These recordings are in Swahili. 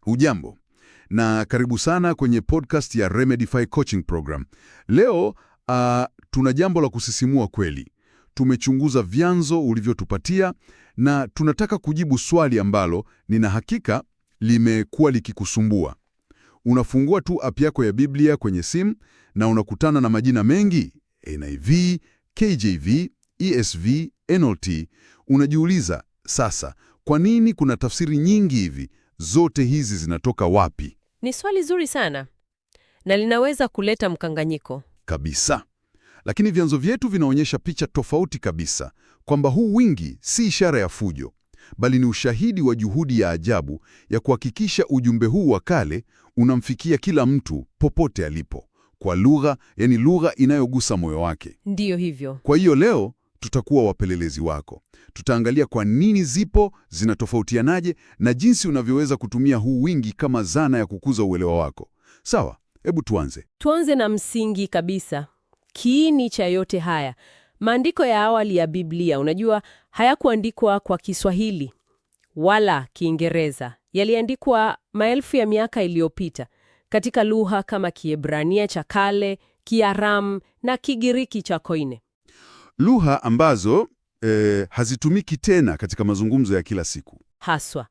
Hujambo na karibu sana kwenye podcast ya Remedify Coaching Program. Leo uh, tuna jambo la kusisimua kweli. Tumechunguza vyanzo ulivyotupatia na tunataka kujibu swali ambalo nina hakika limekuwa likikusumbua. Unafungua tu app yako ya Biblia kwenye simu na unakutana na majina mengi: NIV, KJV, ESV, NLT. Unajiuliza sasa, kwa nini kuna tafsiri nyingi hivi zote hizi zinatoka wapi? Ni swali zuri sana na linaweza kuleta mkanganyiko kabisa, lakini vyanzo vyetu vinaonyesha picha tofauti kabisa, kwamba huu wingi si ishara ya fujo, bali ni ushahidi wa juhudi ya ajabu ya kuhakikisha ujumbe huu wa kale unamfikia kila mtu popote alipo, kwa lugha, yani lugha inayogusa moyo wake. Ndiyo hivyo. Kwa hiyo leo tutakuwa wapelelezi wako. Tutaangalia kwa nini zipo, zinatofautianaje, na jinsi unavyoweza kutumia huu wingi kama zana ya kukuza uelewa wako. Sawa, hebu tuanze. Tuanze na msingi kabisa, kiini cha yote haya. Maandiko ya awali ya Biblia, unajua, hayakuandikwa kwa Kiswahili wala Kiingereza. Yaliandikwa maelfu ya miaka iliyopita katika lugha kama Kiebrania cha kale, Kiaramu na Kigiriki cha Koine lugha ambazo eh, hazitumiki tena katika mazungumzo ya kila siku haswa.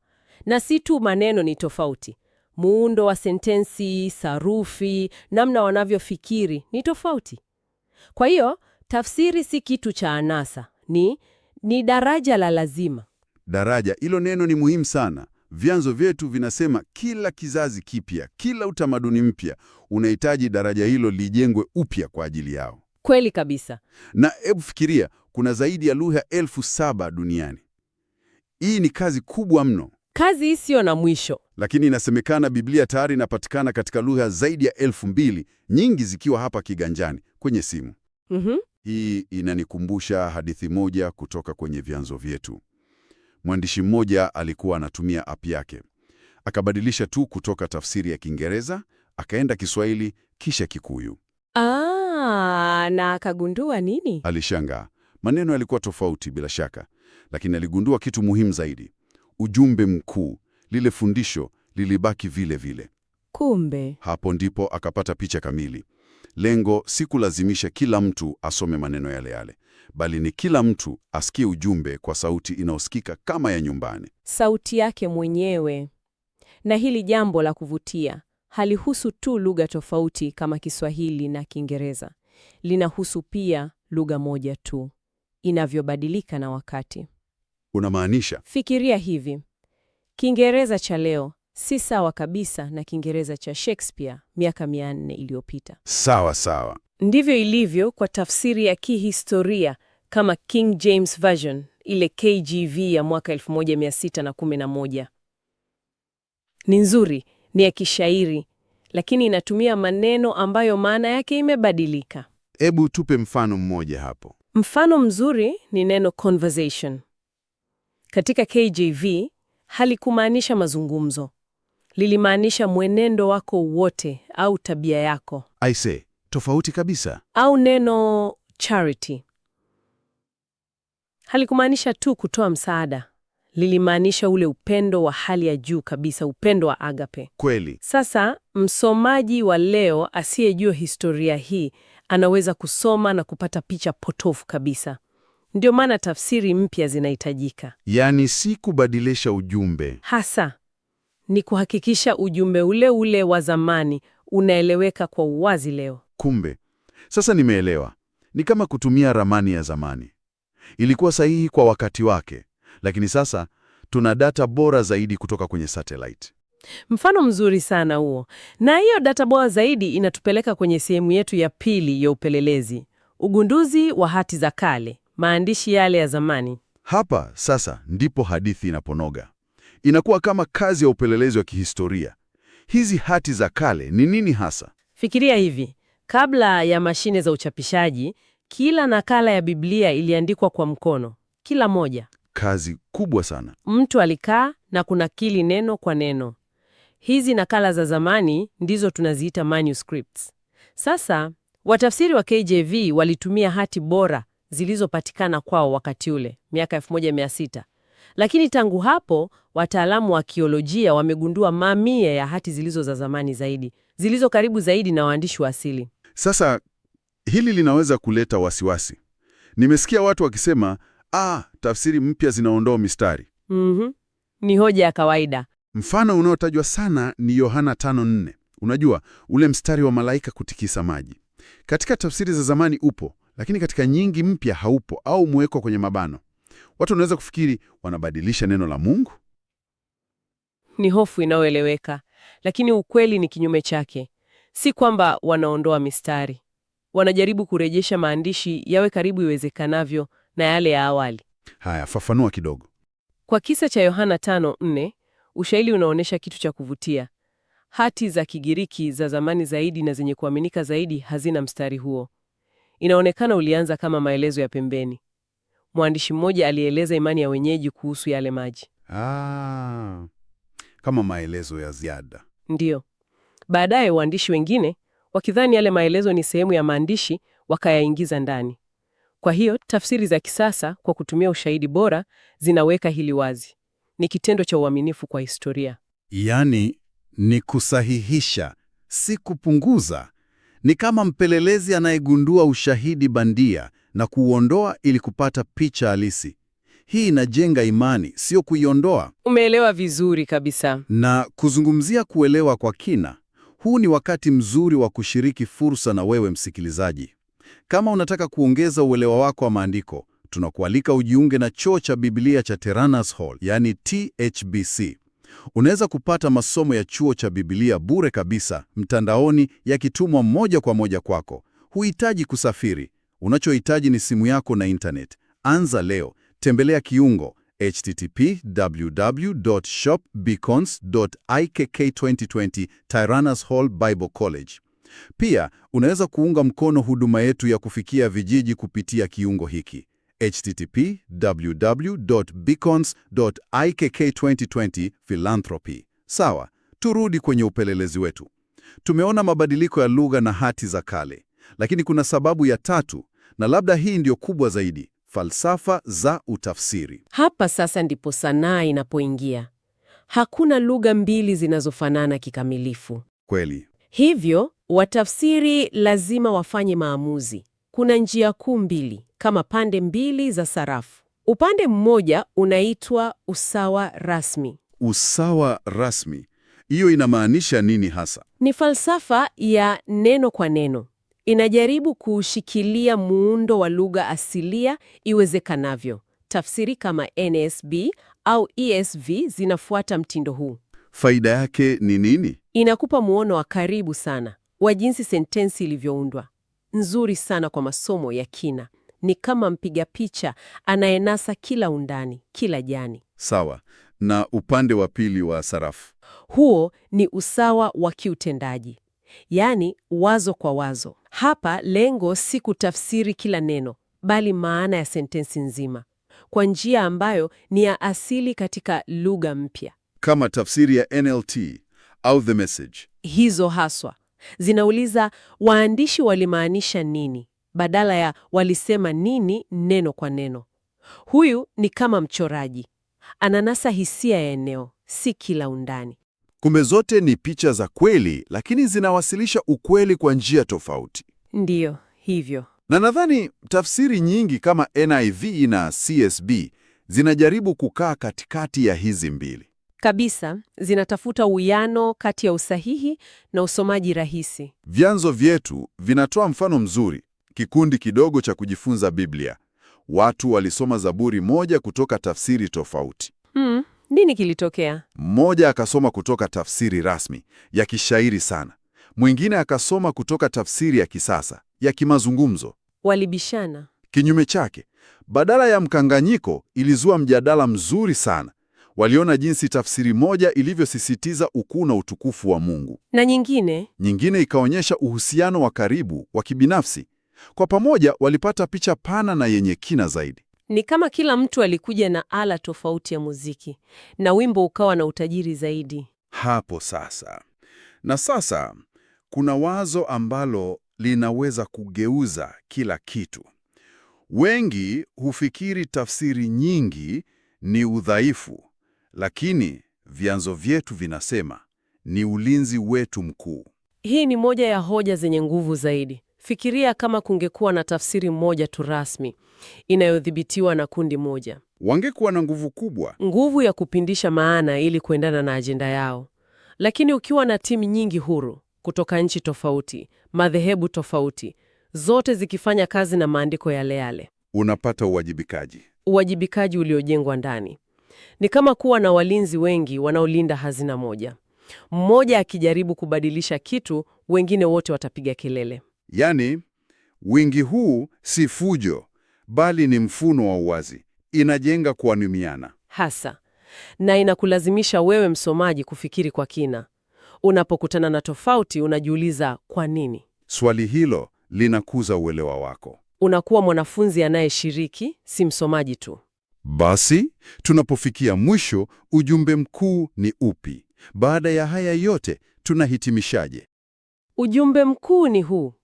Na si tu maneno ni tofauti, muundo wa sentensi, sarufi, namna wanavyofikiri ni tofauti. Kwa hiyo tafsiri si kitu cha anasa, ni ni daraja la lazima. Daraja hilo neno ni muhimu sana. Vyanzo vyetu vinasema kila kizazi kipya, kila utamaduni mpya unahitaji daraja hilo lijengwe upya kwa ajili yao. Kweli kabisa. Na hebu fikiria, kuna zaidi ya lugha elfu saba duniani. Hii ni kazi kubwa mno, kazi isiyo na mwisho. Lakini inasemekana Biblia tayari inapatikana katika lugha zaidi ya elfu mbili, nyingi zikiwa hapa kiganjani kwenye simu. mm -hmm. Hii inanikumbusha hadithi moja kutoka kwenye vyanzo vyetu. Mwandishi mmoja alikuwa anatumia app yake, akabadilisha tu kutoka tafsiri ya Kiingereza akaenda Kiswahili kisha Kikuyu. Aa. Ah, na akagundua nini? Alishangaa. Maneno yalikuwa tofauti bila shaka, lakini aligundua kitu muhimu zaidi. Ujumbe mkuu, lile fundisho lilibaki vile vile. Kumbe hapo ndipo akapata picha kamili. Lengo si kulazimisha kila mtu asome maneno yale yale, bali ni kila mtu asikie ujumbe kwa sauti inayosikika kama ya nyumbani, sauti yake mwenyewe. Na hili jambo la kuvutia halihusu tu lugha tofauti kama Kiswahili na Kiingereza, linahusu pia lugha moja tu inavyobadilika na wakati. Unamaanisha? Fikiria hivi, Kiingereza cha leo si sawa kabisa na Kiingereza cha Shakespeare miaka nne iliyopita. Sawa sawa, ndivyo ilivyo kwa tafsiri ya kihistoria kama King James Version, ile KJV ya mwaka 1611 ni nzuri, ni ya kishairi, lakini inatumia maneno ambayo maana yake imebadilika. Hebu tupe mfano mmoja hapo. Mfano mzuri ni neno conversation. Katika KJV halikumaanisha mazungumzo, lilimaanisha mwenendo wako wote au tabia yako. I say, tofauti kabisa. Au neno charity halikumaanisha tu kutoa msaada, lilimaanisha ule upendo wa hali ya juu kabisa, upendo wa agape. Kweli. Sasa msomaji wa leo asiyejua historia hii anaweza kusoma na kupata picha potofu kabisa. Ndio maana tafsiri mpya zinahitajika, yaani si kubadilisha ujumbe hasa, ni kuhakikisha ujumbe ule ule wa zamani unaeleweka kwa uwazi leo. Kumbe sasa nimeelewa, ni kama kutumia ramani ya zamani. Ilikuwa sahihi kwa wakati wake, lakini sasa tuna data bora zaidi kutoka kwenye satellite. Mfano mzuri sana huo, na hiyo data bora zaidi inatupeleka kwenye sehemu yetu ya pili ya upelelezi, ugunduzi wa hati za kale, maandishi yale ya zamani. Hapa sasa ndipo hadithi inaponoga, inakuwa kama kazi ya upelelezi wa kihistoria. Hizi hati za kale ni nini hasa? Fikiria hivi, kabla ya mashine za uchapishaji, kila nakala ya Biblia iliandikwa kwa mkono, kila moja. Kazi kubwa sana. Mtu alikaa na kunakili neno kwa neno. Hizi nakala za zamani ndizo tunaziita manuscripts. Sasa watafsiri wa KJV walitumia hati bora zilizopatikana kwao wakati ule miaka 1600. Lakini tangu hapo wataalamu wa kiolojia wamegundua mamia ya hati zilizo za zamani zaidi, zilizo karibu zaidi na waandishi wa asili. Sasa hili linaweza kuleta wasiwasi. Nimesikia watu wakisema, ah, tafsiri mpya zinaondoa mistari. Mm -hmm. Ni hoja ya kawaida Mfano unaotajwa sana ni Yohana 5:4. Unajua ule mstari wa malaika kutikisa maji. Katika tafsiri za zamani upo, lakini katika nyingi mpya haupo au mwekwa kwenye mabano. Watu wanaweza kufikiri wanabadilisha neno la Mungu. Ni hofu inayoeleweka, lakini ukweli ni kinyume chake. Si kwamba wanaondoa mistari, wanajaribu kurejesha maandishi yawe karibu iwezekanavyo na yale ya awali. Haya, fafanua kidogo. Kwa kisa cha Yohana 5:4 Ushairi unaonyesha kitu cha kuvutia. Hati za Kigiriki za zamani zaidi na zenye kuaminika zaidi hazina mstari huo. Inaonekana ulianza kama maelezo ya pembeni. Mwandishi mmoja alieleza imani ya wenyeji kuhusu yale maji. Ah, kama maelezo ya ziada. Ndiyo. Baadaye waandishi wengine wakidhani yale maelezo ni sehemu ya maandishi wakayaingiza ndani. Kwa hiyo tafsiri za kisasa kwa kutumia ushahidi bora zinaweka hili wazi ni kitendo cha uaminifu kwa historia. Yaani ni kusahihisha, si kupunguza. Ni kama mpelelezi anayegundua ushahidi bandia na kuuondoa ili kupata picha halisi. Hii inajenga imani, sio kuiondoa. Umeelewa vizuri kabisa. Na kuzungumzia kuelewa kwa kina, huu ni wakati mzuri wa kushiriki fursa na wewe msikilizaji. Kama unataka kuongeza uelewa wako wa maandiko tunakualika ujiunge na chuo cha Biblia cha Teranas Hall, yani THBC. Unaweza kupata masomo ya chuo cha Biblia bure kabisa mtandaoni, yakitumwa moja kwa moja kwako. Huhitaji kusafiri, unachohitaji ni simu yako na intanet. Anza leo, tembelea kiungo http www.shopbeacons.ikk2020 Tyrannus Hall Bible College. Pia unaweza kuunga mkono huduma yetu ya kufikia vijiji kupitia kiungo hiki http www.beacons.ikk2020 philanthropy. Sawa, turudi kwenye upelelezi wetu. Tumeona mabadiliko ya lugha na hati za kale, lakini kuna sababu ya tatu, na labda hii ndiyo kubwa zaidi: falsafa za utafsiri. Hapa sasa ndipo sanaa inapoingia. Hakuna lugha mbili zinazofanana kikamilifu. Kweli hivyo, watafsiri lazima wafanye maamuzi kuna njia kuu mbili kama pande mbili za sarafu. Upande mmoja unaitwa usawa rasmi. Usawa rasmi, hiyo inamaanisha nini hasa? Ni falsafa ya neno kwa neno, inajaribu kuushikilia muundo wa lugha asilia iwezekanavyo. Tafsiri kama NSB au ESV zinafuata mtindo huu. Faida yake ni nini? Inakupa muono wa karibu sana wa jinsi sentensi ilivyoundwa nzuri sana kwa masomo ya kina. Ni kama mpiga picha anayenasa kila undani, kila jani. Sawa. Na upande wa pili wa sarafu, huo ni usawa wa kiutendaji, yaani wazo kwa wazo. Hapa lengo si kutafsiri kila neno, bali maana ya sentensi nzima kwa njia ambayo ni ya asili katika lugha mpya, kama tafsiri ya NLT au The Message. Hizo haswa Zinauliza waandishi walimaanisha nini badala ya walisema nini neno kwa neno. Huyu ni kama mchoraji ananasa hisia ya eneo, si kila undani. Kumbe zote ni picha za kweli, lakini zinawasilisha ukweli kwa njia tofauti. Ndiyo hivyo, na nadhani tafsiri nyingi kama NIV na CSB zinajaribu kukaa katikati ya hizi mbili kabisa zinatafuta uwiano kati ya usahihi na usomaji rahisi. Vyanzo vyetu vinatoa mfano mzuri: kikundi kidogo cha kujifunza Biblia, watu walisoma Zaburi moja kutoka tafsiri tofauti. Mm, nini kilitokea? Mmoja akasoma kutoka tafsiri rasmi ya kishairi sana, mwingine akasoma kutoka tafsiri ya kisasa ya kimazungumzo. Walibishana. Kinyume chake, badala ya mkanganyiko, ilizua mjadala mzuri sana Waliona jinsi tafsiri moja ilivyosisitiza ukuu na utukufu wa Mungu na nyingine nyingine ikaonyesha uhusiano wa karibu wa kibinafsi. Kwa pamoja walipata picha pana na yenye kina zaidi. Ni kama kila mtu alikuja na ala tofauti ya muziki na wimbo ukawa na utajiri zaidi hapo sasa. Na sasa kuna wazo ambalo linaweza kugeuza kila kitu. Wengi hufikiri tafsiri nyingi ni udhaifu lakini vyanzo vyetu vinasema ni ulinzi wetu mkuu. Hii ni moja ya hoja zenye nguvu zaidi. Fikiria kama kungekuwa na tafsiri moja tu rasmi inayodhibitiwa na kundi moja, wangekuwa na nguvu kubwa, nguvu ya kupindisha maana ili kuendana na ajenda yao. Lakini ukiwa na timu nyingi huru kutoka nchi tofauti, madhehebu tofauti, zote zikifanya kazi na maandiko yale yale, unapata uwajibikaji, uwajibikaji uliojengwa ndani. Ni kama kuwa na walinzi wengi wanaolinda hazina moja. Mmoja akijaribu kubadilisha kitu, wengine wote watapiga kelele. Yaani, wingi huu si fujo, bali ni mfuno wa uwazi. Inajenga kuaminiana hasa, na inakulazimisha wewe msomaji kufikiri kwa kina. Unapokutana na tofauti, unajiuliza kwa nini. Swali hilo linakuza uelewa wako. Unakuwa mwanafunzi anayeshiriki, si msomaji tu. Basi tunapofikia mwisho, ujumbe mkuu ni upi? Baada ya haya yote tunahitimishaje? Ujumbe mkuu ni huu: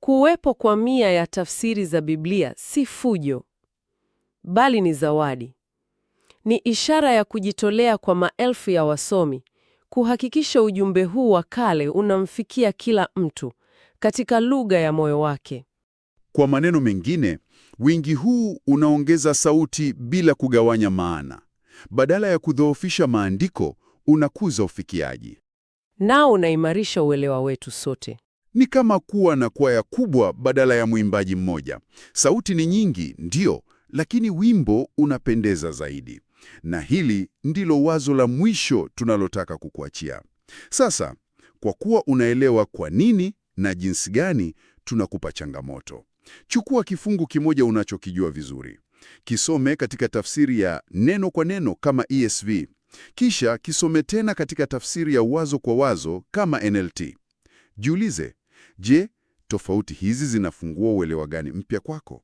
kuwepo kwa mia ya tafsiri za Biblia si fujo, bali ni zawadi. Ni ishara ya kujitolea kwa maelfu ya wasomi kuhakikisha ujumbe huu wa kale unamfikia kila mtu katika lugha ya moyo wake. Kwa maneno mengine, Wingi huu unaongeza sauti bila kugawanya maana. Badala ya kudhoofisha maandiko, unakuza ufikiaji nao unaimarisha uelewa wetu sote. Ni kama kuwa na kwaya kubwa badala ya mwimbaji mmoja. Sauti ni nyingi, ndiyo, lakini wimbo unapendeza zaidi. Na hili ndilo wazo la mwisho tunalotaka kukuachia sasa. Kwa kuwa unaelewa kwa nini na jinsi gani tunakupa changamoto. Chukua kifungu kimoja unachokijua vizuri, kisome katika tafsiri ya neno kwa neno kama ESV, kisha kisome tena katika tafsiri ya wazo kwa wazo kama NLT. Jiulize, je, tofauti hizi zinafungua uelewa gani mpya kwako?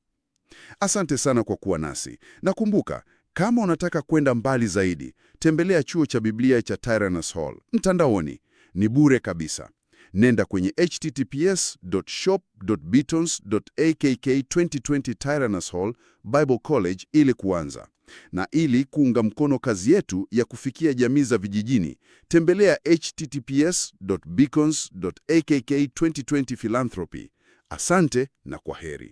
Asante sana kwa kuwa nasi, nakumbuka kama unataka kwenda mbali zaidi, tembelea chuo cha Biblia cha Tyrannus Hall mtandaoni. Ni bure kabisa nenda kwenye https://shop.bitons.akk2020 Tyrannus Hall Bible College ili kuanza na ili kuunga mkono kazi yetu ya kufikia jamii za vijijini, tembelea https://beacons.akk2020 philanthropy. Asante na kwaheri.